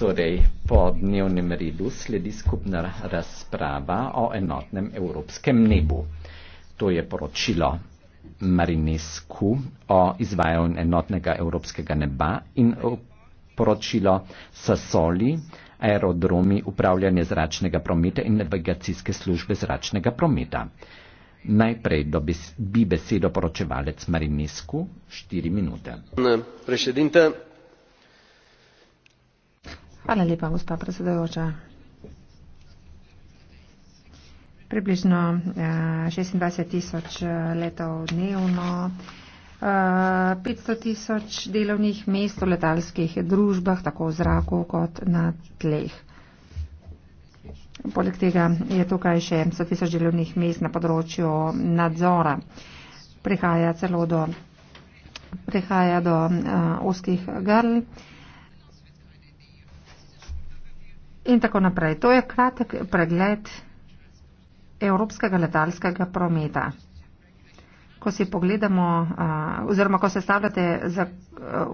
Torej, po dnevnem redu sledi skupna razprava o enotnem evropskem nebu. To je poročilo Marinesku o izvajanju enotnega evropskega neba in poročilo Sasoli, aerodromi, upravljanje zračnega prometa in navigacijske službe zračnega prometa. Najprej bi besedo poročevalec Marinesku, štiri minute. Ne, Hvala lepa, gospa predsedajoča. Približno uh, eh, 26 tisoč eh, letov dnevno, uh, eh, 500 tisoč delovnih mest v letalskih družbah, tako v zraku kot na tleh. Poleg tega je tukaj še 100 tisoč delovnih mest na področju nadzora. Prihaja celo do, prihaja do uh, oskih grl. in tako naprej. To je kratek pregled evropskega letalskega prometa. Ko si pogledamo, oziroma ko se stavljate za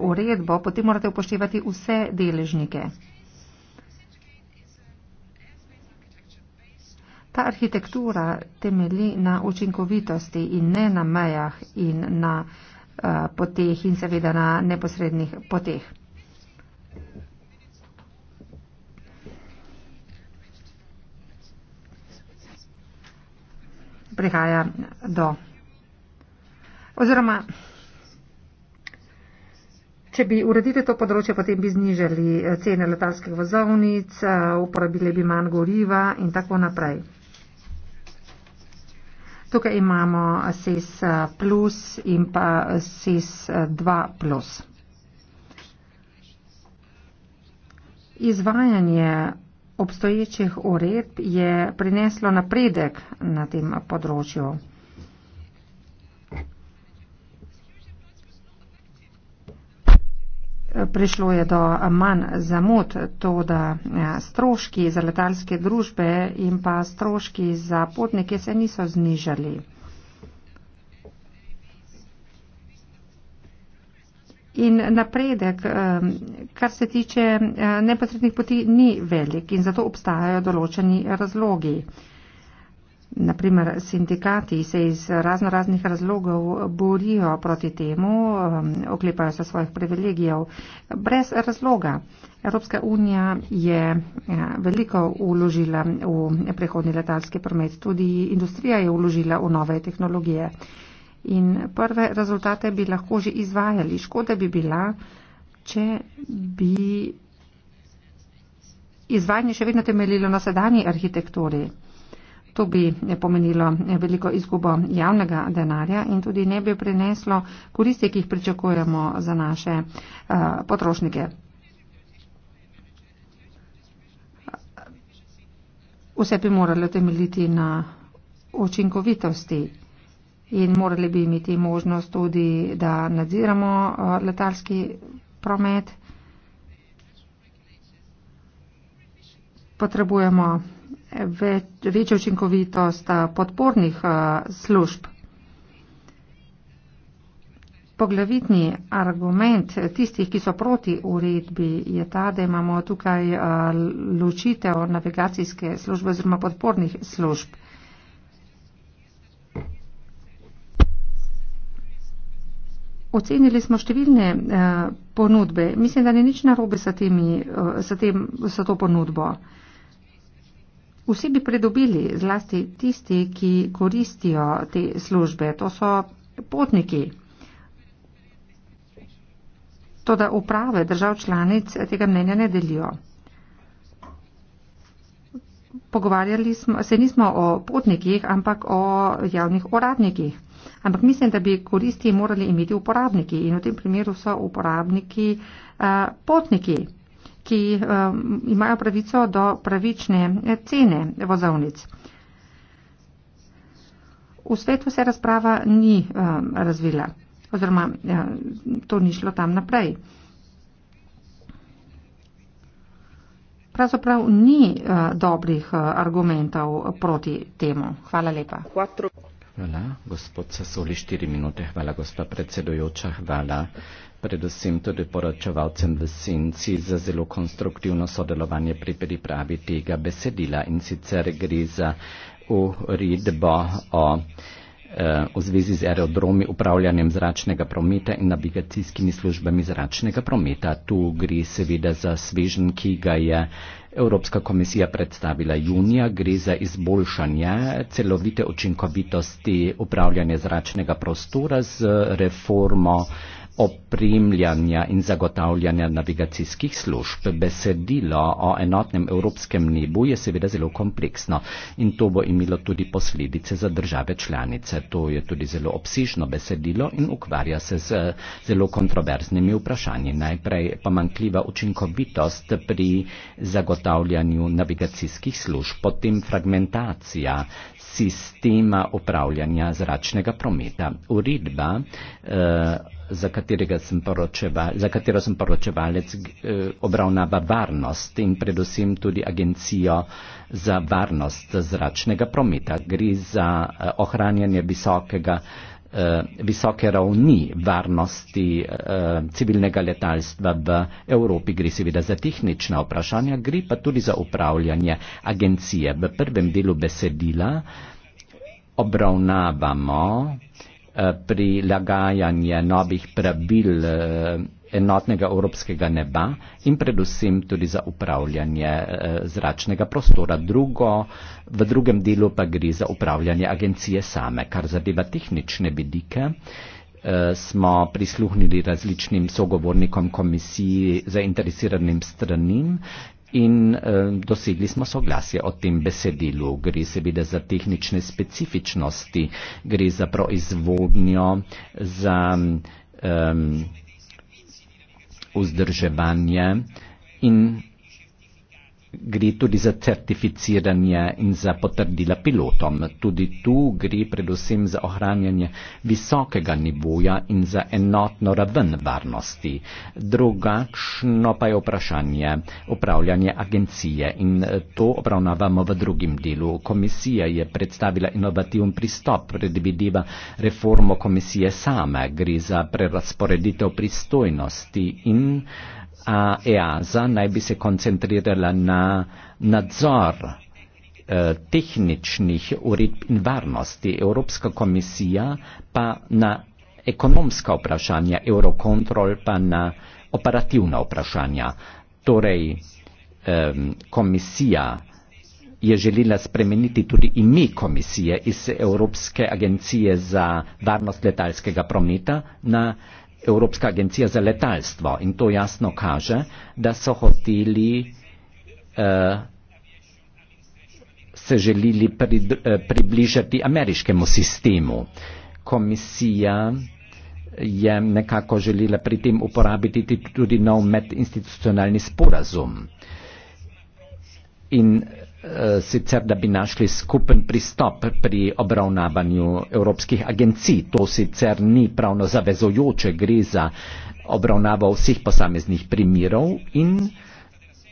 uredbo, potem morate upoštevati vse deležnike. Ta arhitektura temeli na učinkovitosti in ne na mejah in na uh, poteh in seveda na neposrednih poteh. prihaja do. Oziroma, če bi uredili to področje, potem bi znižali eh, cene letalskih vozovnic, eh, uporabili bi manj goriva in tako naprej. Tukaj imamo eh, SES plus in pa SES 2 plus. Izvajanje obstoječih uredb je prineslo napredek na tem področju. Prišlo je do manj zamud, to da eh, stroški za letalske družbe in pa stroški za potnike se niso znižali. in napredek, eh, kar se tiče eh, neposrednih poti, ni velik in zato obstajajo določeni razlogi. Naprimer, sindikati se iz razno raznih razlogov borijo proti temu, eh, oklepajo se svojih privilegijev. Brez razloga. Evropska unija je veliko uložila v prehodni letalski promet, tudi industrija je uložila v nove tehnologije in prve rezultate bi lahko že izvajali. Škoda bi bila, če bi izvajanje še vedno temeljilo na sedanji arhitekturi. To bi pomenilo veliko izgubo javnega denarja in tudi ne bi prineslo koristi, ki jih pričakujemo za naše uh, potrošnike. Vse bi moralo temeljiti na učinkovitosti in morali bi imeti možnost tudi, da nadziramo eh, letalski promet. Potrebujemo več, večjo učinkovitost eh, podpornih eh, služb. Poglavitni argument tistih, ki so proti uredbi, je ta, da imamo tukaj ločitev navigacijske službe oziroma podpornih služb. ocenili smo številne eh, ponudbe. Mislim, da ni nič narobe sa, temi, eh, sa, tem, sa to ponudbo. Vsi bi pridobili, zlasti tisti, ki koristijo te službe. To so potniki. To, da uprave držav članic eh, tega mnenja ne delijo. Pogovarjali smo, se nismo o potnikih, ampak o javnih uradnikih. Ampak mislim, da bi koristi morali imeti uporabniki in v tem primeru so uporabniki eh, potniki, ki eh, imajo pravico do pravične eh, cene vozovnic. V svetu se razprava ni razvila oziroma to ni šlo tam naprej. Pravzaprav ni uh, dobrih uh, argumentov proti temu. Hvala lepa. Quatro. Hvala, gospod Sasoli, štiri minute. Hvala, gospa predsedujoča. Hvala predvsem tudi poročevalcem v Sinci za zelo konstruktivno sodelovanje pri pripravi tega besedila in sicer gre za uredbo o eh, v zvezi z aerodromi, upravljanjem zračnega prometa in navigacijskimi službami zračnega prometa. Tu gre seveda za svežen, ki ga je uh, Evropska komisija predstavila junija, gre za izboljšanje celovite učinkovitosti upravljanja zračnega prostora z reformo opremljanja in zagotavljanja navigacijskih služb. Besedilo o enotnem evropskem nebu je seveda zelo kompleksno in to bo imelo tudi posledice za države članice. To je tudi zelo obsežno besedilo in ukvarja se z zelo kontroverznimi vprašanji. Najprej pomankljiva učinkovitost pri zagotavljanju navigacijskih služb, potem fragmentacija sistema upravljanja zračnega prometa. Uredba eh, za, sem za katero sem poročevalec, eh, obravnava varnost in predvsem tudi agencijo za varnost zračnega prometa. Gre za eh, ohranjanje visokega, eh, visoke ravni varnosti civilnega letalstva v Evropi. Gre seveda za tehnična vprašanja, gre pa tudi za upravljanje agencije. V prvem delu besedila obravnavamo Eh, prilagajanje novih pravil eh, enotnega evropskega neba in predvsem tudi za upravljanje eh, zračnega prostora. Drugo, v drugem delu pa gre za upravljanje agencije same, kar zadeva tehnične vidike smo prisluhnili različnim sogovornikom komisiji, zainteresiranim stranim in eh, dosegli smo soglasje o tem besedilu. Gre seveda za tehnične specifičnosti, gre za proizvodnjo, za eh, vzdrževanje in gre tudi za certificiranje in za potrdila pilotom. Tudi tu gre predvsem za ohranjanje visokega nivoja in za enotno raven varnosti. Drugačno pa je vprašanje upravljanje agencije in eh, to obravnavamo v drugim delu. Komisija je predstavila inovativen pristop, predvideva reformo komisije same, gre za prerasporeditev pristojnosti in a EASA naj bi se koncentrirala na nadzor eh, tehničnih uredb in varnosti, Evropska komisija pa na ekonomska vprašanja, Eurocontrol pa na operativna vprašanja. Torej, komisija je želela spremeniti tudi ime komisije iz Evropske agencije za varnost letalskega prometa na Evropske komisije. Evropska agencija za letalstvo in to jasno kaže, da so hoteli, eh, se želeli prid, eh, približati ameriškemu sistemu. Komisija je nekako želela pri tem uporabiti tudi nov medinstitucionalni sporazum. In Eh, sicer da bi našli skupen pristop pri obravnavanju evropskih agencij. To sicer ni pravno zavezojoče, gre za obravnavo vseh posameznih primirov in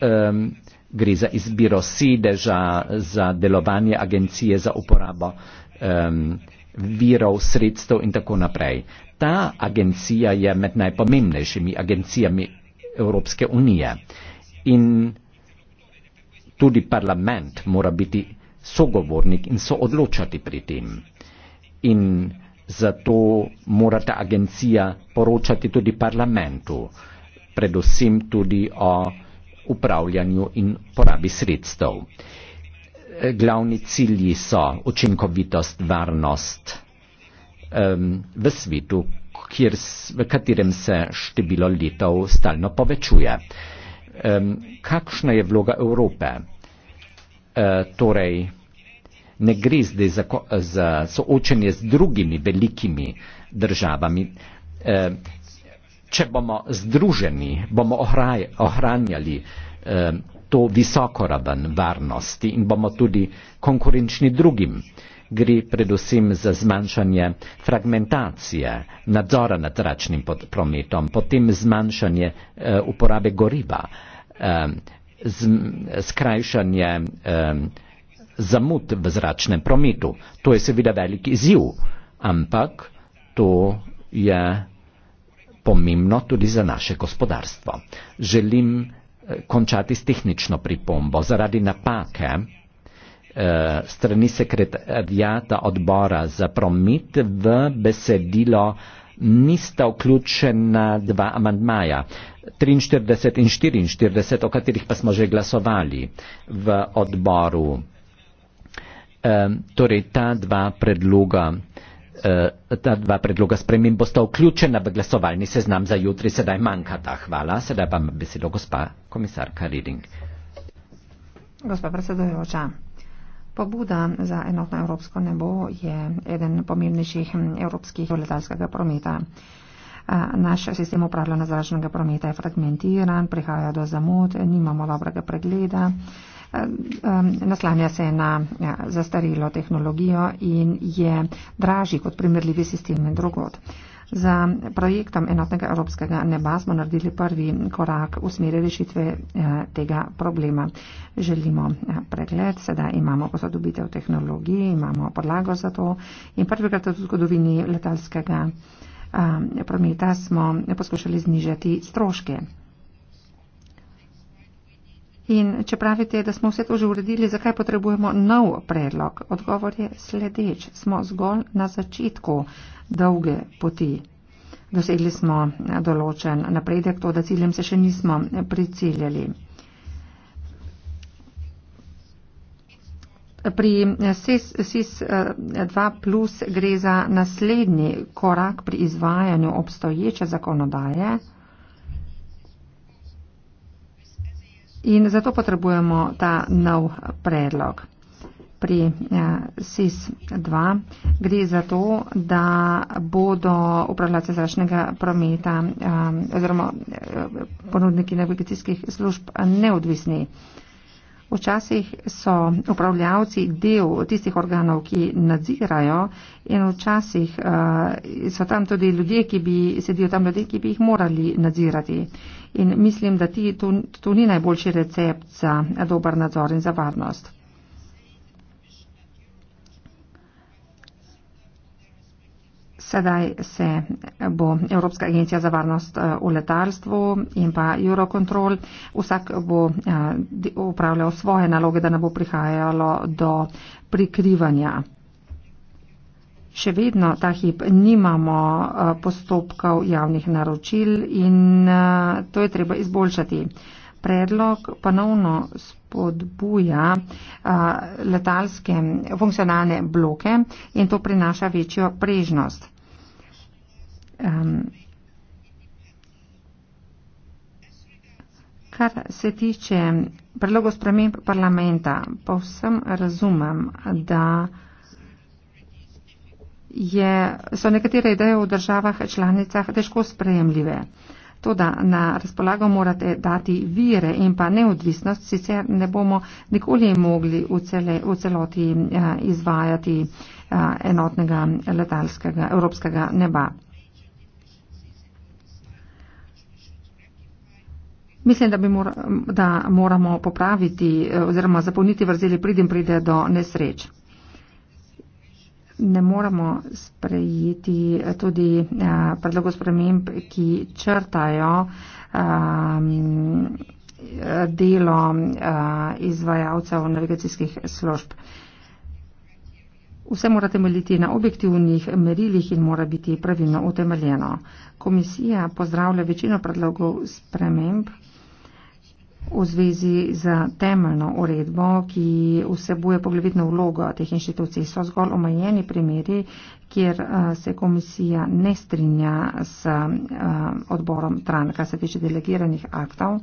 um, gre za izbiro sedeža za delovanje agencije za uporabo um, virov, sredstev in tako naprej. Ta agencija je med najpomembnejšimi agencijami Evropske unije. In Tudi parlament mora biti sogovornik in so odločati pri tem. In zato mora ta agencija poročati tudi parlamentu, predvsem tudi o upravljanju in porabi sredstev. Glavni cilji so učinkovitost, varnost um, v svetu, kjer, v katerem se število letov stalno povečuje kakšna je vloga Evrope. E, torej, ne gre zdaj za, za soočenje z drugimi velikimi državami. E, če bomo združeni, bomo ohraj, ohranjali e, to visoko raven varnosti in bomo tudi konkurenčni drugim gre predvsem za zmanjšanje fragmentacije nadzora nad zračnim pod, prometom, potem zmanjšanje e, uporabe goriva, e, eh, z, skrajšanje e, zamud v zračnem prometu. To je seveda velik izziv, ampak to je pomembno tudi za naše gospodarstvo. Želim končati s tehnično pripombo. Zaradi napake Eh, strani sekretarjata odbora za promet v besedilo nista vključena dva amandmaja, 43 in 44, o katerih pa smo že glasovali v odboru. E, torej ta dva predloga, e, ta dva predloga spremim bosta vključena v glasovalni seznam za jutri, sedaj manjkata. Hvala, sedaj vam besedo gospa komisarka Reding. Gospa predsedujoča, Pobuda za enotno evropsko nebo je eden pomembnejših evropskih letalskega prometa. Naš sistem upravljanja zračnega prometa je fragmentiran, prihaja do zamud, nimamo dobrega pregleda, naslanja se na zastarelo tehnologijo in je dražji kot primerljivi sistemi drugod. Za projektom enotnega evropskega neba smo naredili prvi korak v smeri rešitve eh, tega problema. Želimo eh, pregled, sedaj imamo posodobitev tehnologij, imamo podlago za to in prvikrat v zgodovini letalskega eh, prometa smo poskušali znižati stroške. In če pravite, da smo vse to že uredili, zakaj potrebujemo nov predlog? Odgovor je sledeč. Smo zgolj na začetku dolge poti. Dosegli smo eh, določen napredek, to, da ciljem se še nismo eh, priciljali. Pri eh, SIS, SIS 2 plus gre za naslednji korak pri izvajanju obstoječe zakonodaje. In zato potrebujemo ta nov predlog. Pri eh, SIS-2 gre za to, da bodo upravljalce zračnega prometa eh, oziroma eh, ponudniki navigacijskih služb neodvisni. Včasih so upravljavci del tistih organov, ki nadzirajo in včasih so tam tudi ljudje, ki bi sedijo tam ljudje, ki bi jih morali nadzirati in mislim, da ti, to, to ni najboljši recept za dober nadzor in za varnost. Sedaj se bo Evropska agencija za varnost eh, v letalstvu in pa Eurocontrol. Vsak bo upravljal eh, svoje naloge, da ne bo prihajalo do prikrivanja še vedno ta hip nimamo eh, postopkov javnih naročil in eh, to je treba izboljšati. Predlog ponovno spodbuja eh, letalske funkcionalne bloke in to prinaša večjo prežnost. Kar se tiče predlogov sprememb parlamenta, povsem razumem, da je, so nekatere ideje v državah članicah težko sprejemljive. Toda na razpolago morate dati vire in pa neodvisnost, sicer ne bomo nikoli mogli v, cele, v celoti eh, izvajati eh, enotnega letalskega evropskega neba. Mislim, da, mora, da moramo popraviti eh, oziroma zapolniti vrzeli pridem pride do nesreč ne moramo sprejeti tudi eh, predlogov sprememb, ki črtajo ehm, delo eh, izvajalcev navigacijskih služb. Vse mora temeljiti na objektivnih merilih in mora biti pravilno utemeljeno. Komisija pozdravlja večino predlogov sprememb. V zvezi z temeljno uredbo, ki vsebuje poglavitno vlogo teh inštitucij, so zgolj omejeni primeri, kjer eh, se komisija ne strinja s eh, odborom TRAN, kar se tiče delegiranih aktov.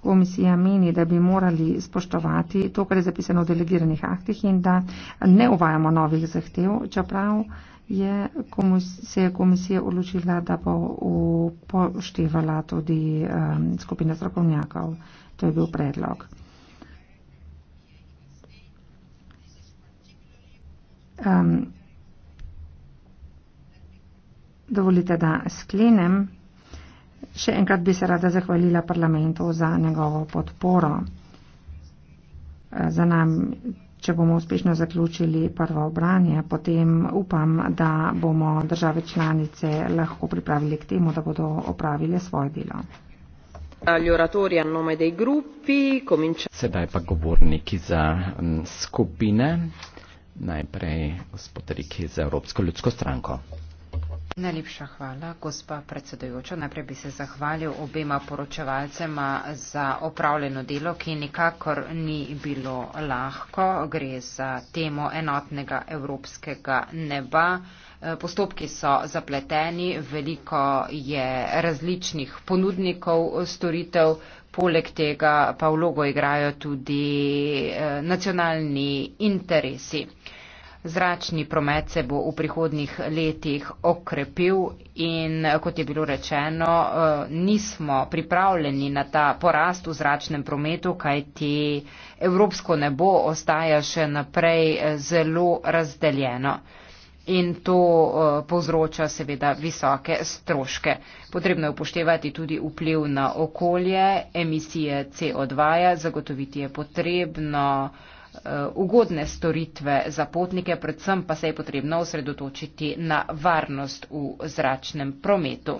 Komisija meni, da bi morali spoštovati to, kar je zapisano v delegiranih aktih in da ne uvajamo novih zahtev, čeprav je komis, se je komisija odločila, da bo upoštevala tudi um, skupina strokovnjakov. To je bil predlog. Um, dovolite, da sklenem. Še enkrat bi se rada zahvalila parlamentu za njegovo podporo. Uh, za nami Če bomo uspešno zaključili prvo obranje, potem upam, da bomo države članice lahko pripravili k temu, da bodo opravile svoje delo. Sedaj pa govorniki za skupine. Najprej gospod Riki za Evropsko ljudsko stranko. Najlepša hvala, gospa predsedujoča. Najprej bi se zahvalil obema poročevalcema za opravljeno delo, ki nikakor ni bilo lahko. Gre za temo enotnega evropskega neba. Eh, postopki so zapleteni, veliko je različnih ponudnikov storitev, poleg tega pa vlogo igrajo tudi eh, nacionalni interesi. Zračni promet se bo v prihodnih letih okrepil in, kot je bilo rečeno, eh, nismo pripravljeni na ta porast v zračnem prometu, kajti evropsko nebo ostaja še naprej eh, zelo razdeljeno. In to eh, povzroča seveda visoke stroške. Potrebno je upoštevati tudi vpliv na okolje, emisije CO2, zagotoviti je potrebno Eh, ugodne storitve za potnike, predvsem pa se je potrebno osredotočiti na varnost v zračnem prometu.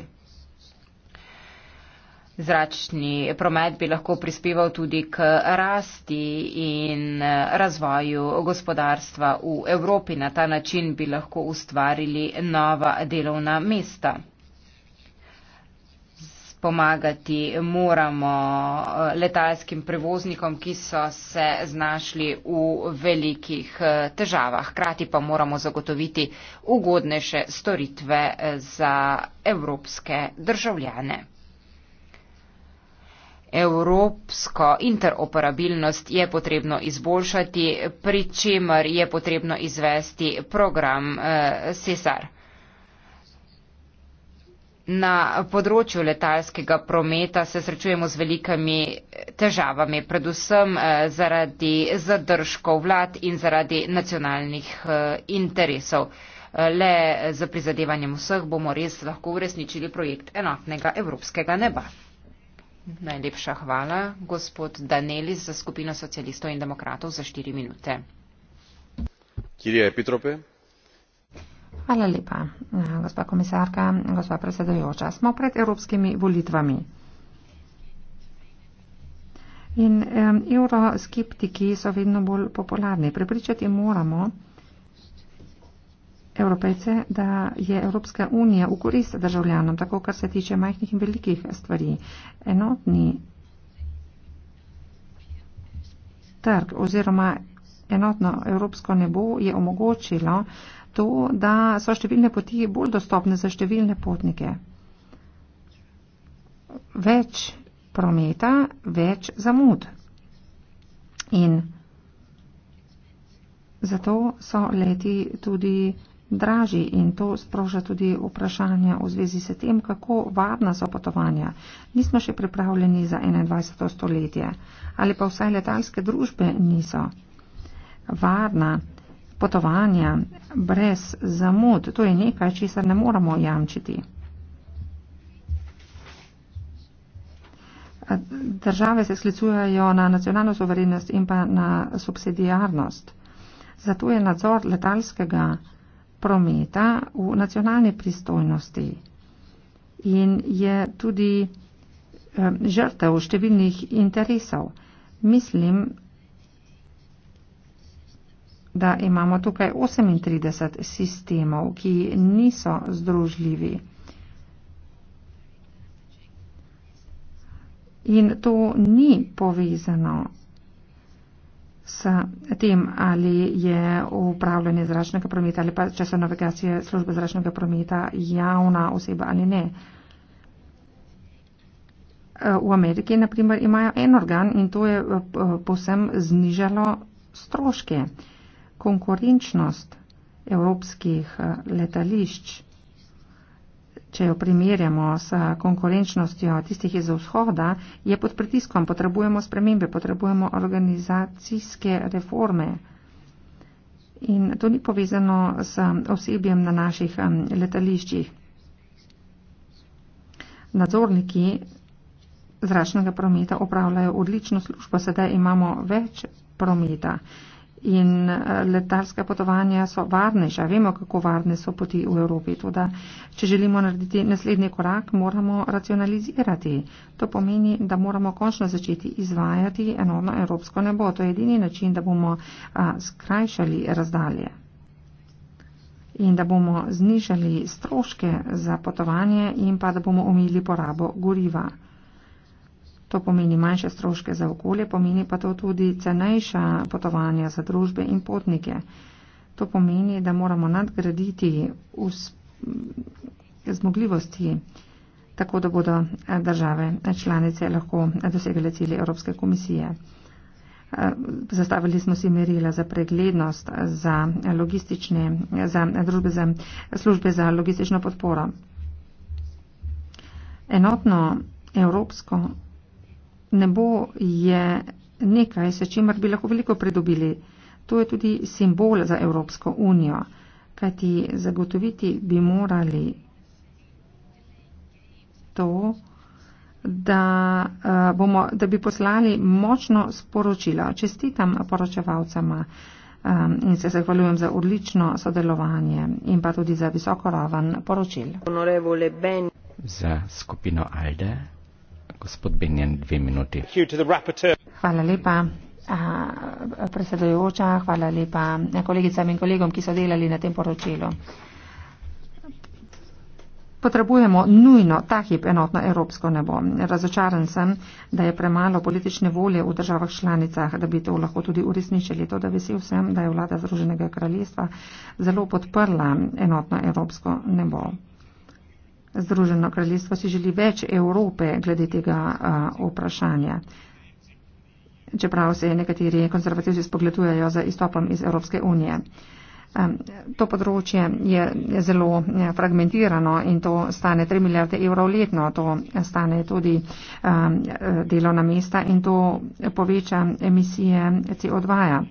Zračni promet bi lahko prispeval tudi k rasti in eh, razvoju gospodarstva v Evropi. Na ta način bi lahko ustvarili nova delovna mesta pomagati moramo eh, letalskim prevoznikom, ki so se znašli v velikih eh, težavah. Hkrati pa moramo zagotoviti ugodnejše storitve eh, za evropske državljane. Evropsko interoperabilnost je potrebno izboljšati, pri čemer je potrebno izvesti program CESAR. Eh, Na področju letalskega prometa se srečujemo z velikimi težavami, predvsem eh, zaradi zadržkov vlad in zaradi nacionalnih eh, interesov. Eh, le z prizadevanjem vseh bomo res lahko uresničili projekt enotnega evropskega neba. Najlepša hvala, gospod Danelis, za skupino socialistov in demokratov za štiri minute. Kirje Petrope. Hvala lepa, gospa komisarka, gospa predsedajoča. Smo pred evropskimi volitvami. In um, euroskeptiki so vedno bolj popularni. Prepričati moramo evropejce, da je Evropska unija v korist državljanom, tako kar se tiče majhnih in velikih stvari. Enotni trg oziroma enotno evropsko nebo je omogočilo, to, da so številne poti bolj dostopne za številne potnike. Več prometa, več zamud. In zato so leti tudi dražji in to sproža tudi vprašanja v zvezi s tem, kako varna so potovanja. Nismo še pripravljeni za 21. stoletje ali pa vsaj letalske družbe niso varna potovanja brez zamud, to je nekaj, česar ne moramo jamčiti. Države se sklicujejo na nacionalno soverenost in pa na subsidijarnost. Zato je nadzor letalskega prometa v nacionalni pristojnosti in je tudi eh, žrtev številnih interesov. Mislim, da imamo tukaj 38 sistemov, ki niso združljivi. In to ni povezano s tem, ali je upravljanje zračnega prometa ali pa časa navigacije službe zračnega prometa javna oseba ali ne. V Ameriki, naprimer, imajo en organ in to je eh, posem znižalo stroške konkurenčnost evropskih eh, letališč, če jo primerjamo s konkurenčnostjo tistih iz vzhoda, je pod pritiskom. Potrebujemo spremembe, potrebujemo organizacijske reforme. In to ni povezano s osebjem na naših letališčih. Nadzorniki zračnega prometa opravljajo odlično službo, sedaj imamo več prometa in eh, letalska potovanja so varnejša. Vemo, kako varne so poti v Evropi. Tudi, če želimo narediti naslednji korak, moramo racionalizirati. To pomeni, da moramo končno začeti izvajati enotno evropsko nebo. To je edini način, da bomo a, skrajšali razdalje in da bomo znižali stroške za potovanje in pa da bomo omili porabo goriva. To pomeni manjše stroške za okolje, pomeni pa to tudi cenejša potovanja za družbe in potnike. To pomeni, da moramo nadgraditi zmogljivosti, tako da bodo eh, države eh, članice lahko eh, dosegle cilje Evropske komisije. Zastavili smo si merila za preglednost, za, za družbe, za službe za logistično podporo. Enotno evropsko nebo je nekaj, s čimer bi lahko veliko pridobili. To je tudi simbol za Evropsko unijo, kajti zagotoviti bi morali to, da, eh, bomo, da bi poslali močno sporočilo. Čestitam poročevalcema eh, in se zahvaljujem za odlično sodelovanje in pa tudi za visoko raven poročil. Za skupino Alde. Gospod Benjen, dve minuti. Hvala lepa. Predsedojoča, hvala lepa kolegicam in kolegom, ki so delali na tem poročilu. Potrebujemo nujno ta hip enotno evropsko nebo. Razočaran sem, da je premalo politične volje v državah članicah, da bi to lahko tudi uresničili. To, da vesel sem, da je vlada Združenega kraljestva zelo podprla enotno evropsko nebo. Združeno kraljestvo si želi več Evrope glede tega uh, vprašanja. Čeprav se nekateri konzervativci spogledujejo za izstopom iz Evropske unije. Um, to področje je, je zelo fragmentirano in to stane 3 milijarde evrov letno. To stane tudi um, delovna mesta in to poveča emisije CO2.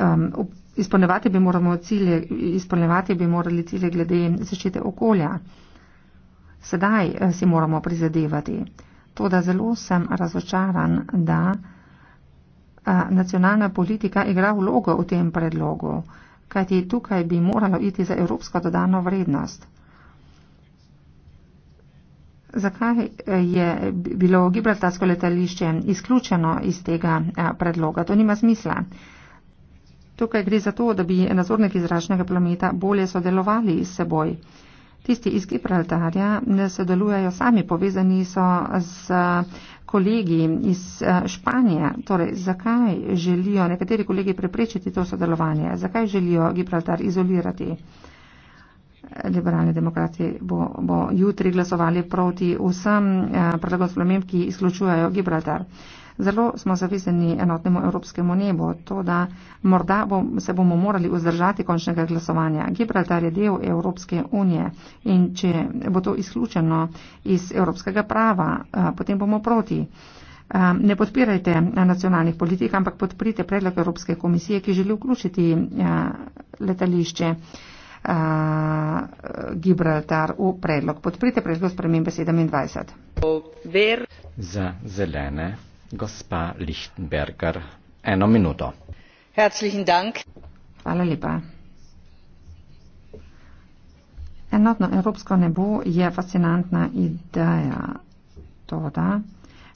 Um, Izpolnevati bi, cilje, izpolnevati bi morali cilje glede zaščite okolja. Sedaj eh, si moramo prizadevati. To, da zelo sem razočaran, da eh, nacionalna politika igra vlogo v tem predlogu, kajti tukaj bi moralo iti za evropsko dodano vrednost. Zakaj eh, je bilo gibraltarsko letališče izključeno iz tega predloga? To nima smisla. Tukaj gre za to, da bi nadzorniki zračnega planeta bolje sodelovali s seboj. Tisti iz Gibraltarja ne eh, sodelujejo sami, povezani so z eh, kolegi iz eh, Španije. Torej, zakaj želijo nekateri kolegi preprečiti to sodelovanje? Zakaj želijo Gibraltar izolirati? Liberalni demokrati bo, bo jutri glasovali proti vsem predlogom sprememb, ki izključujejo Gibraltar. Zelo smo zavezani enotnemu evropskemu nebu, to da morda bom, se bomo morali vzdržati končnega glasovanja. Gibraltar je del Evropske unije in če bo to izključeno iz evropskega prava, potem bomo proti. Ne podpirajte nacionalnih politik, ampak podprite predlog Evropske komisije, ki želi vključiti letališče. Gibraltar v predlog. Podprite predlog spremembe 27. Za zelene Herzlichen Dank. Hvala lepa. Enotno evropsko nebo je fascinantna ideja. Toda,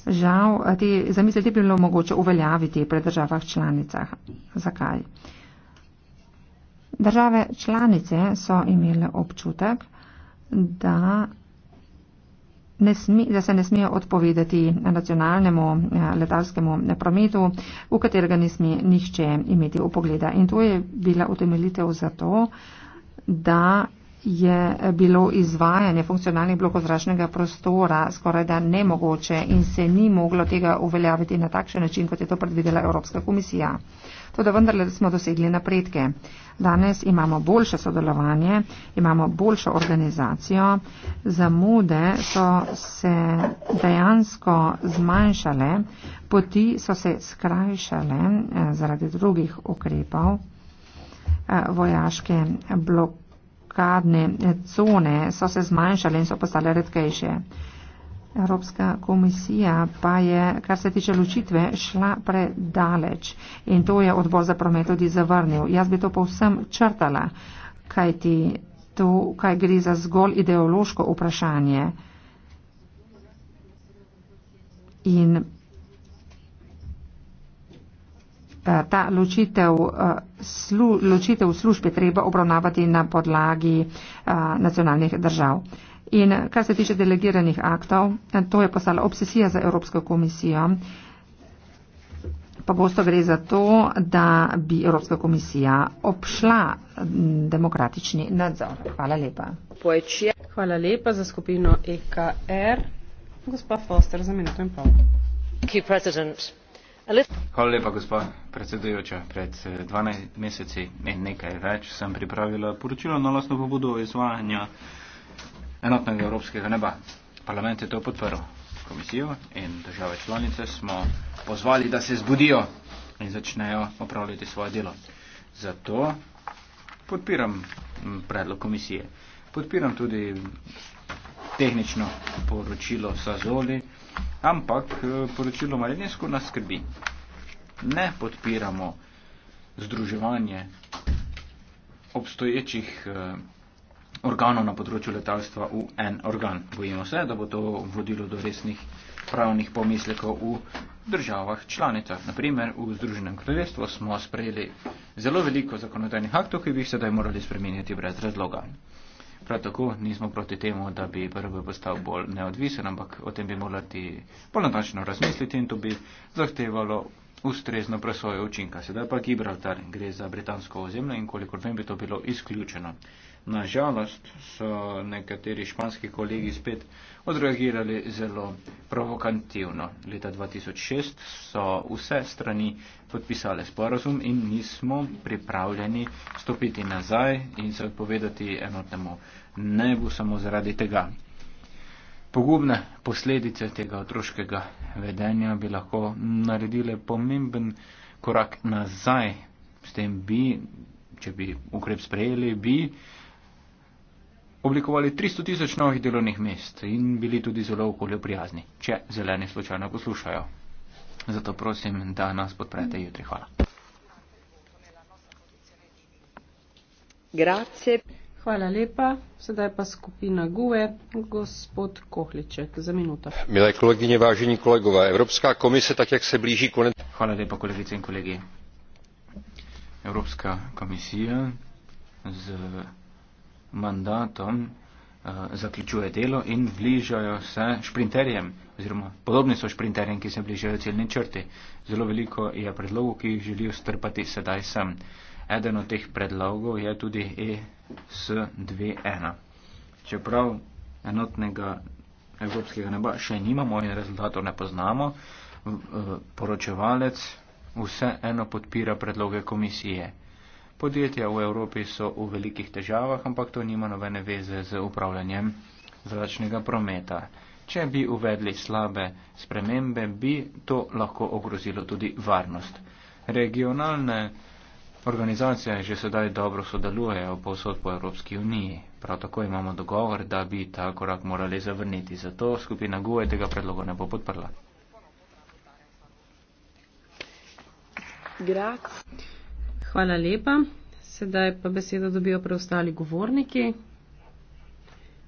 žal, te zamisle ni bilo mogoče uveljaviti pri državah članicah. Zakaj? Države članice so imele občutek, da ne sme, da se ne smejo odpovedati nacionalnemu eh, letalskemu eh, prometu, v katerega ne sme nihče imeti upogleda. In to je bila utemeljitev za to, da je bilo izvajanje funkcionalnih blokov zračnega prostora skoraj da nemogoče in se ni moglo tega uveljaviti na takšen način, kot je to predvidela Evropska komisija tudi vendarle smo dosegli napredke. Danes imamo boljše sodelovanje, imamo boljšo organizacijo, zamude so se dejansko zmanjšale, poti so se skrajšale eh, zaradi drugih ukrepov, eh, vojaške blokadne eh, cone so se zmanjšale in so postale redkejše. Evropska komisija pa je, kar se tiče ločitve, šla predaleč in to je odbor za promet tudi zavrnil. Jaz bi to povsem črtala, kaj ti to, kaj gre za zgolj ideološko vprašanje. In eh, ta ločitev, eh, slu, ločitev služb je treba obravnavati na podlagi eh, nacionalnih držav. In kar se tiče delegiranih aktov, to je postala obsesija za Evropsko komisijo. Pa posto gre za to, da bi Evropska komisija obšla demokratični nadzor. Hvala lepa. Hvala lepa za skupino EKR. Gospa Foster, za minuto in pol. Hvala lepa, gospa predsedujoča. Pred 12 eh, meseci in nekaj več sem pripravila poročilo na lastno pobudo izvajanja enotnega evropskega neba. Parlament je to podprl. Komisijo in države članice smo pozvali, da se zbudijo in začnejo opravljati svoje delo. Zato podpiram predlog komisije. Podpiram tudi tehnično poročilo Sazoli, ampak e, poročilo Marinesko nas skrbi. Ne podpiramo združevanje obstoječih eh, organov na področju letalstva v en organ. Bojimo se, da bo to vodilo do resnih pravnih pomislekov v državah članicah. Naprimer, v Združenem kraljestvu smo sprejeli zelo veliko zakonodajnih aktov, ki bi jih sedaj morali spremenjati brez razloga. Prav tako nismo proti temu, da bi PRB postal bolj neodvisen, ampak o tem bi morali bolj natančno razmisliti in to bi zahtevalo ustrezno presojo učinka. Sedaj pa Gibraltar gre za britansko ozemlje in kolikor vem, bi to bilo izključeno nažalost so nekateri španski kolegi spet odreagirali zelo provokativno. Leta 2006 so vse strani podpisale sporazum in nismo pripravljeni stopiti nazaj in se odpovedati enotnemu nebu samo zaradi tega. Pogubne posledice tega otroškega vedenja bi lahko naredile pomemben korak nazaj. S tem bi, če bi ukrep sprejeli, bi oblikovali 300 tisoč novih delovnih mest in bili tudi zelo okolje prijazni, če zeleni slučajno poslušajo. Zato prosim, da nas podprete jutri. Hvala. Grazie. Hvala lepa. Sedaj pa skupina GUE, gospod Kohliček, za minuto. Milé kolegyne, vážení kolegova, Evropská komise, tak jak se blíží konec. Hvala lepa, kolegice in kolegi. Evropska komisija z mandatom uh, zaključuje delo in bližajo se šprinterjem, oziroma podobni so šprinterjem, ki se bližajo ciljni črti. Zelo veliko je predlogov, ki jih želijo strpati sedaj sem. Eden od teh predlogov je tudi ES21. Čeprav enotnega evropskega neba še nimamo in rezultatov ne poznamo, eh, poročevalec vse eno podpira predloge komisije. Podjetja v Evropi so v velikih težavah, ampak to nima nobene veze z upravljanjem zračnega prometa. Če bi uvedli slabe spremembe, bi to lahko ogrozilo tudi varnost. Regionalne organizacije že sedaj dobro sodelujejo povsod po Evropski uniji. Prav tako imamo dogovor, da bi ta korak morali zavrniti. Zato skupina GUE tega predloga ne bo podprla. Grazie. Hvala lepa. Sedaj pa besedo dobijo preostali govorniki.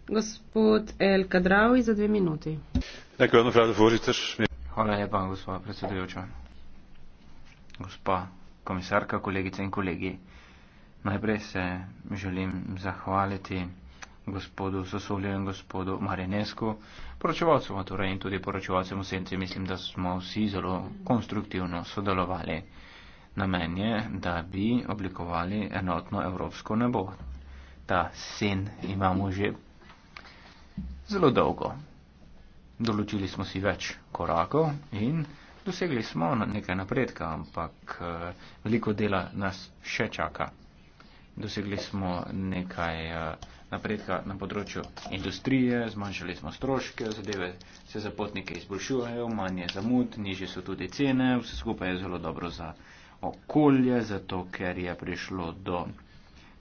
Gospod El Kadravi za dve minuti. Hvala lepa, gospod predsedujoča. Gospa komisarka, kolegice in kolegi. Najprej se želim zahvaliti gospodu Sosolju in gospodu Marinesku, poročevalcu torej in tudi poročevalcem v senci. Mislim, da smo vsi zelo konstruktivno sodelovali namen je, da bi oblikovali enotno evropsko nebo. Ta sen imamo že zelo dolgo. Določili smo si več korakov in dosegli smo nekaj napredka, ampak eh, veliko dela nas še čaka. Dosegli smo nekaj eh, napredka na področju industrije, zmanjšali smo stroške, zadeve se za potnike izboljšujejo, manje zamud, niže so tudi cene, vse skupaj je zelo dobro za okolje, zato ker je prišlo do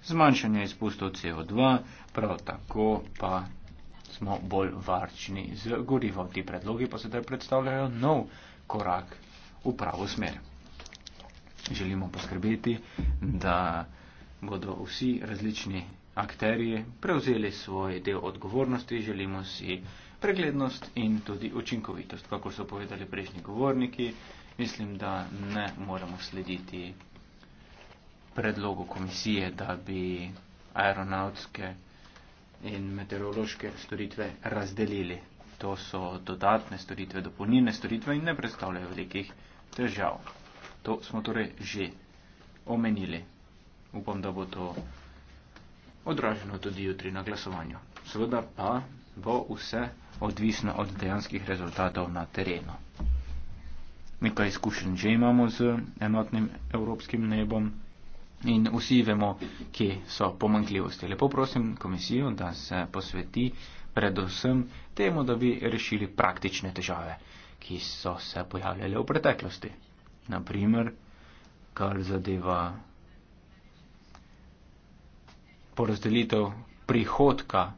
zmanjšanja izpustov CO2, prav tako pa smo bolj varčni z gorivom. Ti predlogi pa sedaj predstavljajo nov korak v pravo smer. Želimo poskrbeti, da bodo vsi različni akterji prevzeli svoj del odgovornosti, želimo si preglednost in tudi učinkovitost, kako so povedali prejšnji govorniki mislim, da ne moremo slediti predlogu komisije, da bi aeronautske in meteorološke storitve razdelili. To so dodatne storitve, dopolnilne storitve in ne predstavljajo velikih težav. To smo torej že omenili. Upam, da bo to odraženo tudi jutri na glasovanju. Seveda pa bo vse odvisno od dejanskih rezultatov na terenu nekaj izkušenj že imamo z enotnim evropskim nebom in vsi vemo, kje so pomankljivosti. Lepo prosim komisijo, da se posveti predvsem temu, da bi rešili praktične težave, ki so se pojavljale v preteklosti. Naprimer, kar zadeva porazdelitev prihodka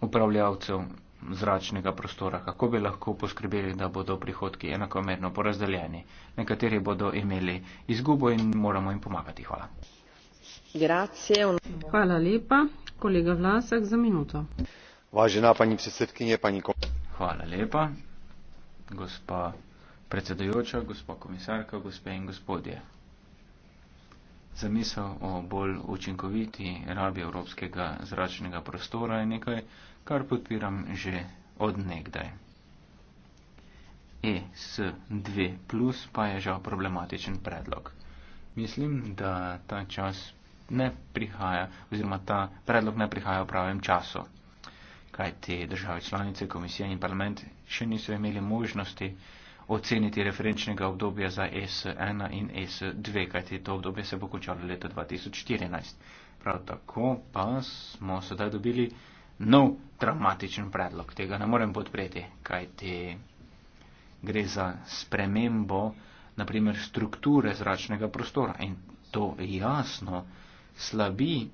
upravljavcev zračnega prostora, kako bi lahko poskrbeli, da bodo prihodki enakomerno porazdeljeni. Nekateri bodo imeli izgubo in moramo jim pomagati. Hvala. Grazie. Hvala lepa, kolega Vlasek, za minuto. Važena, pani predsedkinje, pani komisarka. Hvala lepa, gospa predsedujoča, gospa komisarka, gospe in gospodje. Zamisel o bolj učinkoviti rabi evropskega zračnega prostora je nekaj, kar podpiram že odnegdaj. ES2 plus pa je žal problematičen predlog. Mislim, da ta čas ne prihaja oziroma ta predlog ne prihaja v pravem času, kaj te države članice, komisija in parlament še niso imeli možnosti oceniti referenčnega obdobja za ES1 in ES2, kaj te to obdobje se bo končalo leta 2014. Prav tako pa smo sedaj dobili nov dramatičen predlog. Tega ne morem podpreti, kajti gre za spremembo naprimer strukture zračnega prostora in to jasno slabi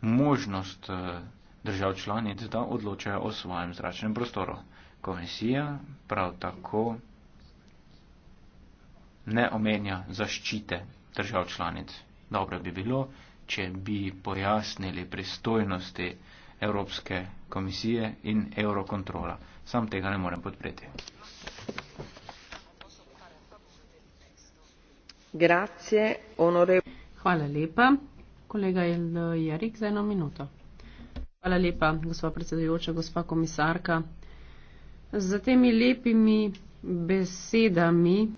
možnost eh, držav članic, da odločajo o svojem zračnem prostoru. Komisija prav tako ne omenja zaščite držav članic. Dobro bi bilo, če bi pojasnili pristojnosti Evropske komisije in Eurokontrola. Sam tega ne morem podpreti. Grazie, Hvala lepa. Kolega El Jarik za eno minuto. Hvala lepa, gospa predsedujoča, gospa komisarka. Za temi lepimi besedami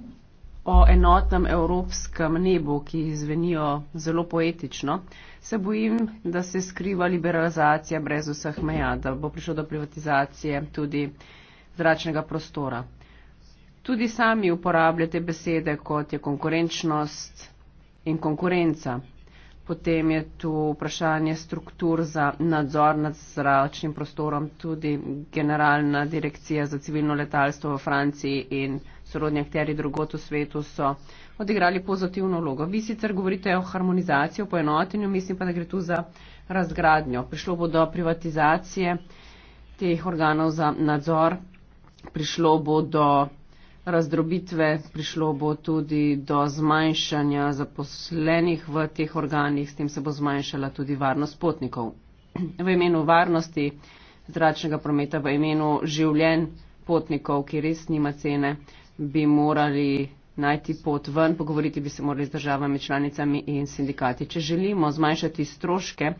o enotnem evropskem nebu, ki zvenijo zelo poetično, se bojim, da se skriva liberalizacija brez vseh meja, da bo prišlo do privatizacije tudi zračnega prostora. Tudi sami uporabljate besede, kot je konkurenčnost in konkurenca. Potem je tu vprašanje struktur za nadzor nad zračnim prostorom, tudi generalna direkcija za civilno letalstvo v Franciji in Franciji sorodni akteri drugot v svetu so odigrali pozitivno vlogo. Vi sicer govorite o harmonizaciji, o poenotenju, mislim pa, da gre tu za razgradnjo. Prišlo bo do privatizacije teh organov za nadzor, prišlo bo do razdrobitve, prišlo bo tudi do zmanjšanja zaposlenih v teh organih, s tem se bo zmanjšala tudi varnost potnikov. V imenu varnosti zračnega prometa, v imenu življenj potnikov, ki res nima cene, bi morali najti pot ven, pogovoriti bi se morali z državami, članicami in sindikati. Če želimo zmanjšati stroške,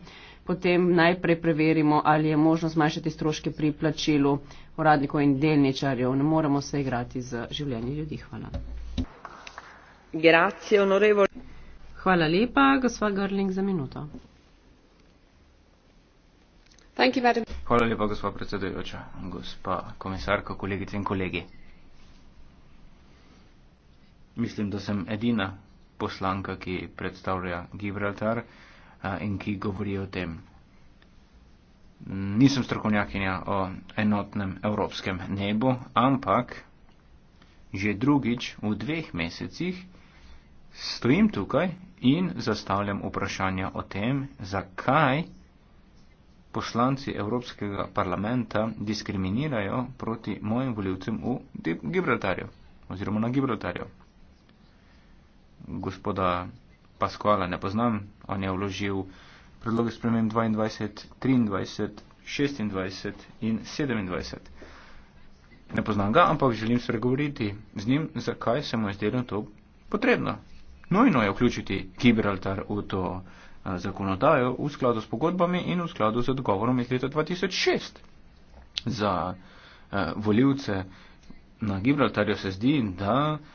potem najprej preverimo, ali je možno zmanjšati stroške pri plačilu uradnikov in delničarjev. Ne moremo se igrati z življenjem ljudi. Hvala. Grazie, Hvala lepa, gospa Garling, za minuto. Thank you, Hvala lepa, gospa predsedujoča, gospa komisarka, kolegice in kolegi mislim, da sem edina poslanka, ki predstavlja Gibraltar eh, in ki govori o tem. Nisem strokovnjakinja o enotnem evropskem nebu, ampak že drugič v dveh mesecih stojim tukaj in zastavljam vprašanja o tem, zakaj poslanci Evropskega parlamenta diskriminirajo proti mojim voljivcem v Gibraltarju oziroma na Gibraltarju gospoda Paskoala ne poznam, on je vložil predloge spremem 22, 23, 26 in 27. Ne poznam ga, ampak želim spregovoriti z njim, zakaj se mu je zdelo to potrebno. Nojno je vključiti Gibraltar v to eh, zakonodajo v skladu s pogodbami in v skladu z odgovorom iz leta 2006. Za eh, voljivce na Gibraltarju se zdi, da eh,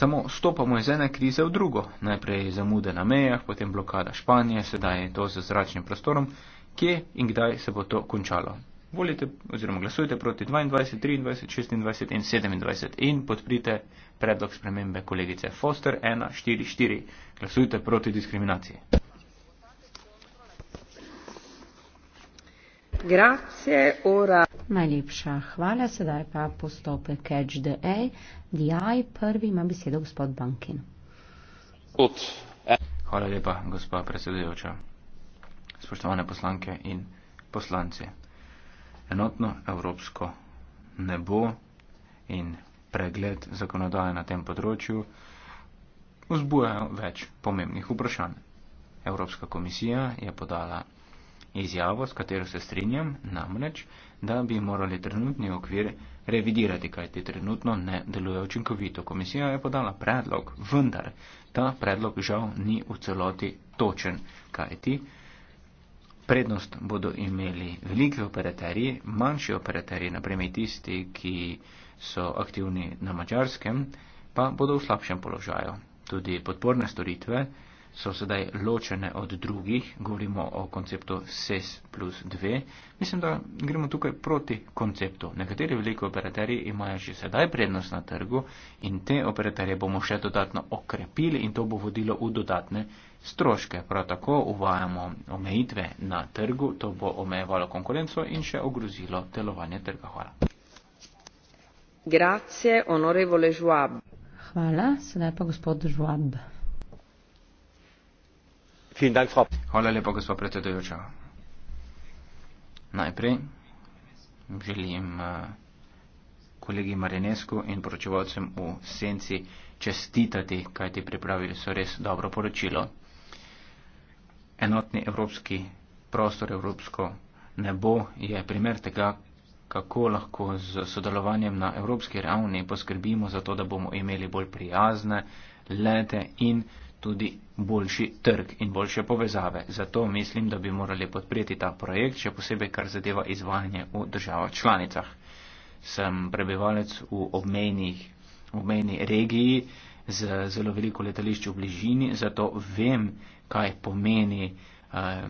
Samo stopamo iz ene krize v drugo, najprej zamude na mejah, potem blokada Španije, sedaj je to z zračnim prostorom, kje in kdaj se bo to končalo. Volite oziroma glasujte proti 22, 23, 26 in 27 in podprite predlog spremembe kolegice Foster 144. Glasujte proti diskriminaciji. Najlepša hvala, sedaj pa postopek Catch the Eye. DI, prvi ima besedo gospod Bankin. Hvala lepa, gospa predsedujoča. Spoštovane poslanke in poslanci. Enotno evropsko nebo in pregled zakonodaje na tem področju vzbujajo več pomembnih vprašanj. Evropska komisija je podala izjavo, s katero se strinjam, namreč, da bi morali trenutni okvir revidirati, kajti trenutno ne deluje učinkovito. Komisija je podala predlog, vendar ta predlog žal ni v celoti točen, kajti prednost bodo imeli veliki operaterji, manjši operaterji, naprimer tisti, ki so aktivni na mačarskem, pa bodo v slabšem položaju. Tudi podporne storitve so sedaj ločene od drugih, govorimo o konceptu SES plus 2, mislim, da gremo tukaj proti konceptu. Nekateri veliki operaterji imajo že sedaj prednost na trgu in te operaterje bomo še dodatno okrepili in to bo vodilo v dodatne stroške. Prav tako uvajamo omejitve na trgu, to bo omejevalo konkurenco in še ogrozilo delovanje trga. Hvala. Grazie, onorevole Žuab. Hvala, sedaj pa gospod Žuab. Hvala lepa, gospod predsedujoča. Najprej želim eh, kolegi Marinesku in poročevalcem v senci čestitati, kaj ti pripravili so res dobro poročilo. Enotni evropski prostor, evropsko nebo je primer tega, kako lahko z sodelovanjem na evropski ravni poskrbimo za to, da bomo imeli bolj prijazne lete in tudi boljši trg in boljše povezave. Zato mislim, da bi morali podpreti ta projekt, še posebej kar zadeva izvajanje v državah članicah. Sem prebivalec v obmejnih, obmejni regiji z zelo veliko letališč v bližini, zato vem, kaj pomeni. Eh,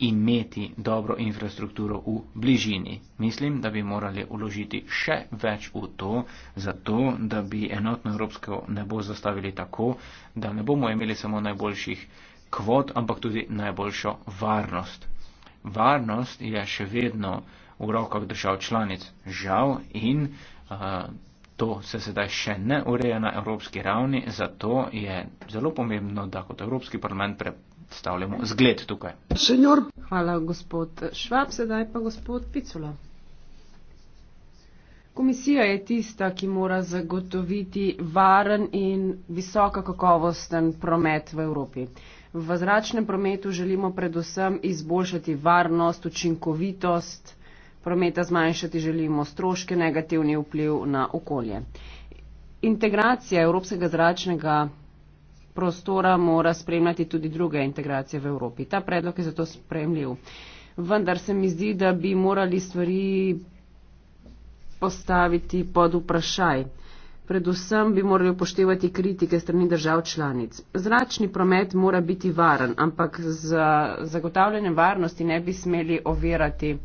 imeti dobro infrastrukturo v bližini. Mislim, da bi morali uložiti še več v to, zato da bi enotno evropsko nebo zastavili tako, da ne bomo imeli samo najboljših kvot, ampak tudi najboljšo varnost. Varnost je še vedno v rokah držav članic, žal, in uh, to se sedaj še ne ureja na evropski ravni, zato je zelo pomembno, da kot Evropski parlament prepravimo predstavljamo zgled tukaj. Hvala, gospod Švab, sedaj pa gospod Picula. Komisija je tista, ki mora zagotoviti varen in visoka kakovosten promet v Evropi. V zračnem prometu želimo predvsem izboljšati varnost, učinkovitost prometa, zmanjšati želimo stroške, negativni vpliv na okolje. Integracija evropskega zračnega prostora mora spremljati tudi druge integracije v Evropi. Ta predlog je zato spremljiv. Vendar se mi zdi, da bi morali stvari postaviti pod vprašaj. Predvsem bi morali upoštevati kritike strani držav članic. Zračni promet mora biti varen, ampak z zagotavljanjem varnosti ne bi smeli ovirati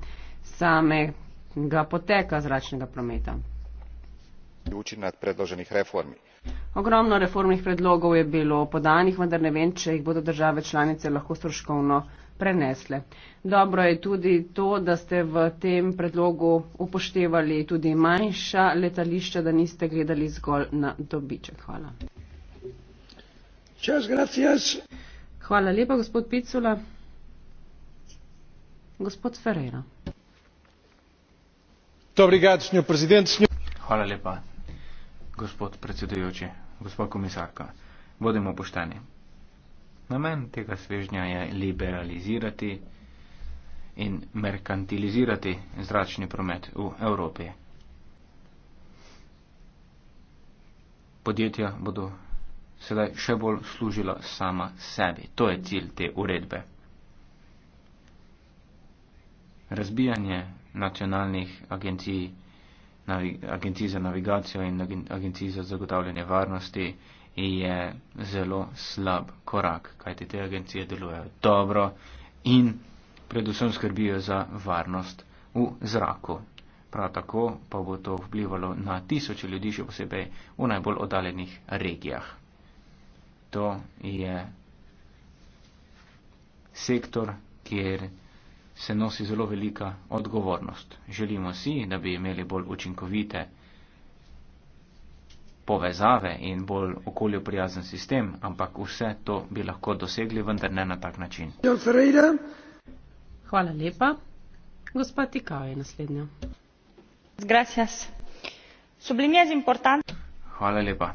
samega poteka zračnega prometa. Učinek predloženih reformi. Ogromno reformnih predlogov je bilo podanih, vendar ne vem, če jih bodo države članice lahko stroškovno prenesle. Dobro je tudi to, da ste v tem predlogu upoštevali tudi manjša letališča, da niste gledali zgolj na dobiček. Hvala. Hvala lepa, gospod Picula. Gospod Ferreira. Hvala lepa, gospod predsedujoči, gospod komisarka, bodimo pošteni. Namen tega svežnja je liberalizirati in merkantilizirati zračni promet v Evropi. Podjetja bodo sedaj še bolj služila sama sebi. To je cilj te uredbe. Razbijanje nacionalnih agencij agencij za navigacijo in agencij za zagotavljanje varnosti je zelo slab korak, kajti te agencije delujejo dobro in predvsem skrbijo za varnost v zraku. Prav tako pa bo to vplivalo na tisoče ljudi, še posebej v najbolj oddaljenih regijah. To je sektor, kjer se nosi zelo velika odgovornost. Želimo si, da bi imeli bolj učinkovite povezave in bolj okolju prijazen sistem, ampak vse to bi lahko dosegli, vendar ne na tak način. Hvala lepa. Gospa Tikao je naslednja. Hvala lepa.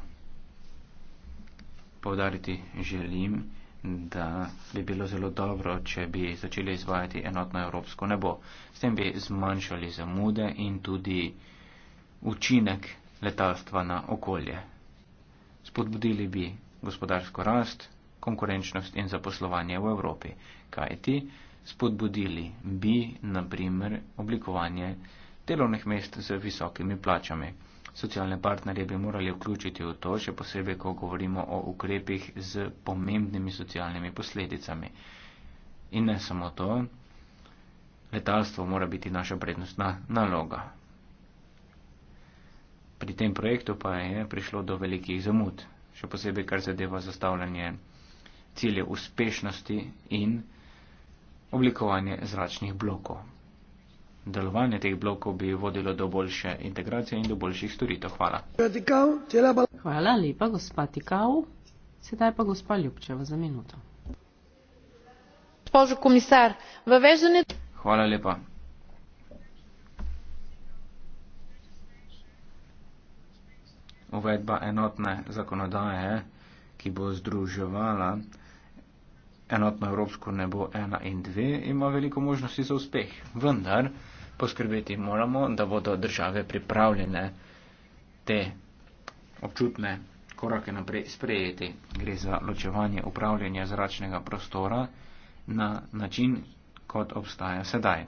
Povdariti želim da bi bilo zelo dobro, če bi začeli izvajati enotno evropsko nebo. S tem bi zmanjšali zamude in tudi učinek letalstva na okolje. Spodbudili bi gospodarsko rast, konkurenčnost in zaposlovanje v Evropi, kajti spodbudili bi, na primer, oblikovanje delovnih mest z visokimi plačami. Socialne partnerje bi morali vključiti v to, še posebej, ko govorimo o ukrepih z pomembnimi socialnimi posledicami. In ne samo to, letalstvo mora biti naša prednostna naloga. Pri tem projektu pa je prišlo do velikih zamud, še posebej, kar zadeva zastavljanje cilje uspešnosti in oblikovanje zračnih blokov delovanje teh blokov bi vodilo do boljše integracije in do boljših storitev. Hvala. Hvala lepa, gospa Tikau. Sedaj pa gospa Ljubčeva za minuto. Gospod komisar, v vežanju. Hvala lepa. Uvedba enotne zakonodaje, ki bo združevala enotno evropsko nebo 1 in 2, ima veliko možnosti za uspeh. Vendar, poskrbeti moramo, da bodo države pripravljene te občutne korake naprej sprejeti. Gre za ločevanje upravljanja zračnega prostora na način, kot obstaja sedaj.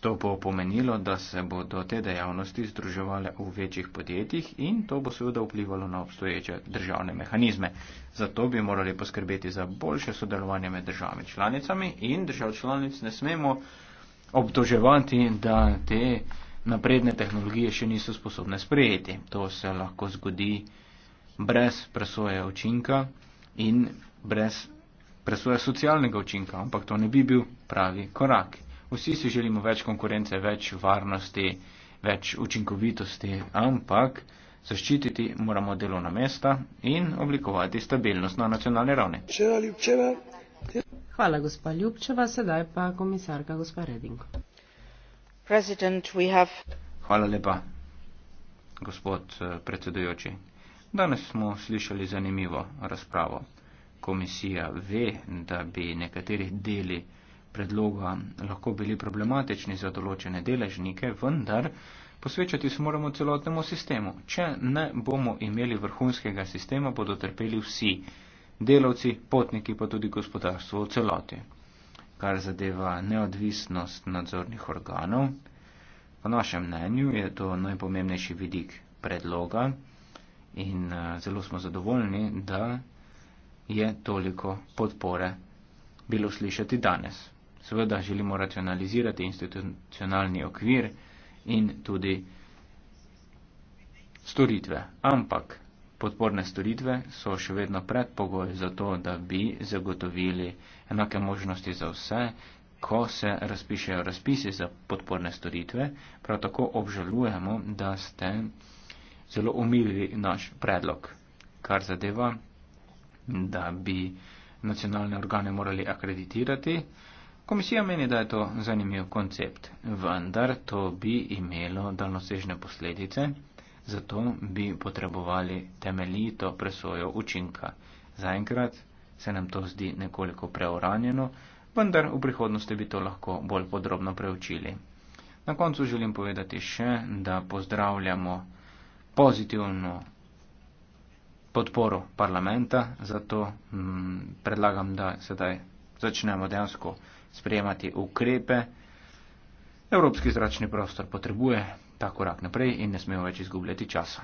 To bo pomenilo, da se bodo te dejavnosti združevale v večjih podjetjih in to bo seveda vplivalo na obstoječe državne mehanizme. Zato bi morali poskrbeti za boljše sodelovanje med državami članicami in držav članic ne smemo obtoževati, da te napredne tehnologije še niso sposobne sprejeti. To se lahko zgodi brez presoje učinka in brez presoje socialnega učinka, ampak to ne bi bil pravi korak. Vsi si želimo več konkurence, več varnosti, več učinkovitosti, ampak zaščititi moramo delovna mesta in oblikovati stabilnost na nacionalni ravni. Včeraj ali včeraj Hvala, gospa Ljubčeva. Sedaj pa komisarka, gospa Reding. Have... Hvala lepa, gospod eh, predsedujoči. Danes smo slišali zanimivo razpravo. Komisija ve, da bi nekateri deli predloga lahko bili problematični za določene deležnike, vendar posvečati se moramo celotnemu sistemu. Če ne bomo imeli vrhunskega sistema, bodo trpeli vsi delavci, potniki pa tudi gospodarstvo v celoti. Kar zadeva neodvisnost nadzornih organov, po našem mnenju je to najpomembnejši vidik predloga in eh, zelo smo zadovoljni, da je toliko podpore bilo slišati danes. Seveda želimo racionalizirati institucionalni okvir in tudi storitve, ampak Podporne storitve so še vedno predpogoj za to, da bi zagotovili enake možnosti za vse, ko se razpišejo razpisi za podporne storitve. Prav tako obžalujemo, da ste zelo umirili naš predlog, kar zadeva, da bi nacionalne organe morali akreditirati. Komisija meni, da je to zanimiv koncept, vendar to bi imelo daljnosežne posledice zato bi potrebovali temeljito presojo učinka. Zaenkrat se nam to zdi nekoliko preuranjeno, vendar v prihodnosti bi to lahko bolj podrobno preučili. Na koncu želim povedati še, da pozdravljamo pozitivno podporo parlamenta, zato m, mm, predlagam, da sedaj začnemo dejansko sprejemati ukrepe. Evropski zračni prostor potrebuje ta korak naprej in ne smemo več izgubljati časa.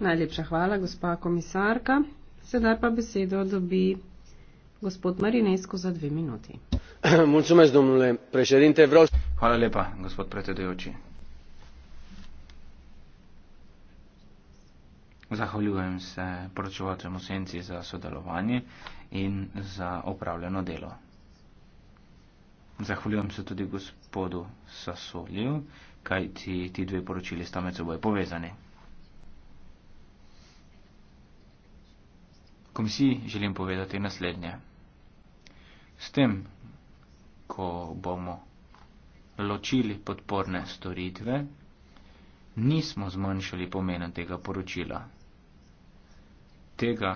Najlepša hvala, gospa komisarka. Sedaj pa besedo dobi gospod Marinesko za dve minuti. Hvala lepa, gospod predsedujoči. Zahvaljujem se poročevalcem Osenci za sodelovanje in za opravljeno delo. Zahvaljujem se tudi gospodu Sasolju, kaj ti, ti dve poročili sta med seboj povezani. Komisiji želim povedati naslednje. S tem, ko bomo ločili podporne storitve, nismo zmanjšali pomena tega poročila. Tega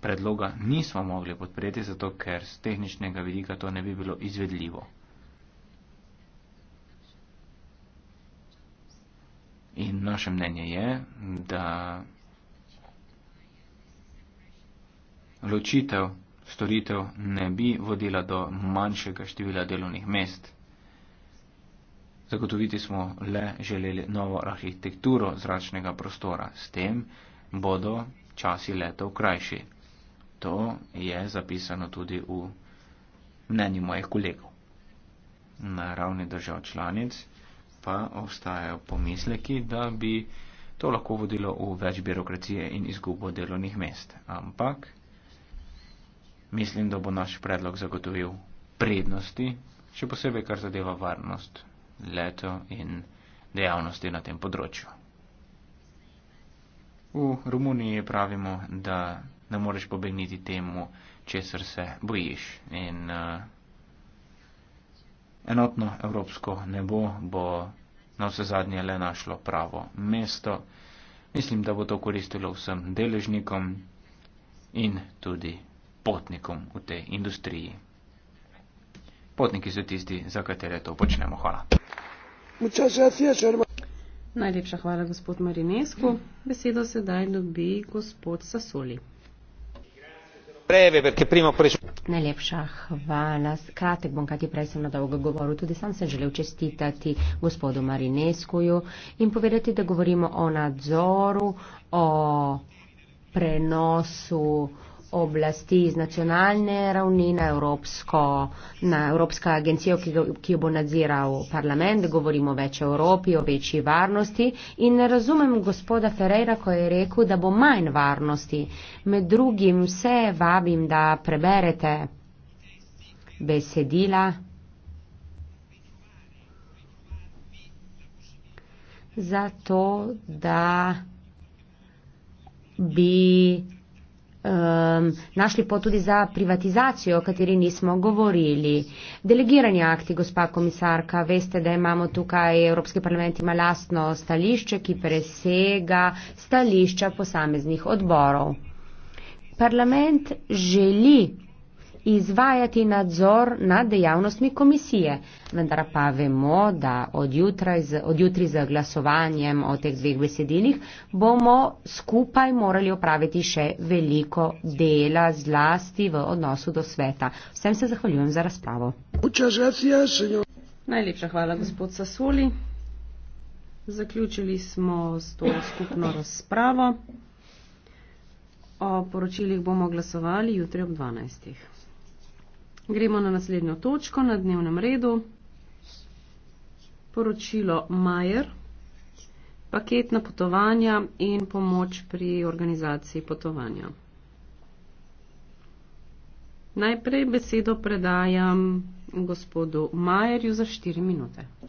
predloga nismo mogli podpreti, zato ker z tehničnega vidika to ne bi bilo izvedljivo. In naše mnenje je, da ločitev storitev ne bi vodila do manjšega števila delovnih mest. Zagotoviti smo le želeli novo arhitekturo zračnega prostora. S tem bodo časi letov krajši. To je zapisano tudi v mnenju mojih kolegov. Na ravni držav članic pa obstajajo pomisleki, da bi to lahko vodilo v več birokracije in izgubo delovnih mest. Ampak mislim, da bo naš predlog zagotovil prednosti, še posebej kar zadeva varnost leto in dejavnosti na tem področju. V Romuniji pravimo, da ne moreš pobegniti temu, česar se bojiš. In, uh, Enotno evropsko nebo bo na vse zadnje le našlo pravo mesto. Mislim, da bo to koristilo vsem deležnikom in tudi potnikom v tej industriji. Potniki so tisti, za katere to počnemo. Hvala. Najlepša hvala, gospod Marinesku. Besedo sedaj dobi gospod Sasoli breve, preč... Najlepša hvala. Kratek bom, kajti prej sem na dolgo govoril. Tudi sam sem želel čestitati gospodu Marineskuju in povedati, da govorimo o nadzoru, o prenosu oblasti iz nacionalne ravni na, evropsko, na Evropska agencija, ki, ki jo bo nadziral parlament, govorimo o več Evropi, o večji varnosti in ne razumem gospoda Ferreira, ko je rekel, da bo manj varnosti. Med drugim vse vabim, da preberete besedila. Zato, da bi um, našli pot tudi za privatizacijo, o kateri nismo govorili. Delegirani akti, gospa komisarka, veste, da imamo tukaj Evropski parlament ima lastno stališče, ki presega stališča posameznih odborov. Parlament želi izvajati nadzor nad dejavnostmi komisije. Vendar pa vemo, da odjutraj z, od z glasovanjem o teh dveh besedilih bomo skupaj morali opraviti še veliko dela zlasti v odnosu do sveta. Vsem se zahvaljujem za razpravo. Najlepša hvala, gospod Sasoli. Zaključili smo s to skupno razpravo. O poročilih bomo glasovali jutri ob 12. Gremo na naslednjo točko na dnevnem redu. Poročilo Majer, paket na potovanja in pomoč pri organizaciji potovanja. Najprej besedo predajam gospodu Majerju za 4 minute.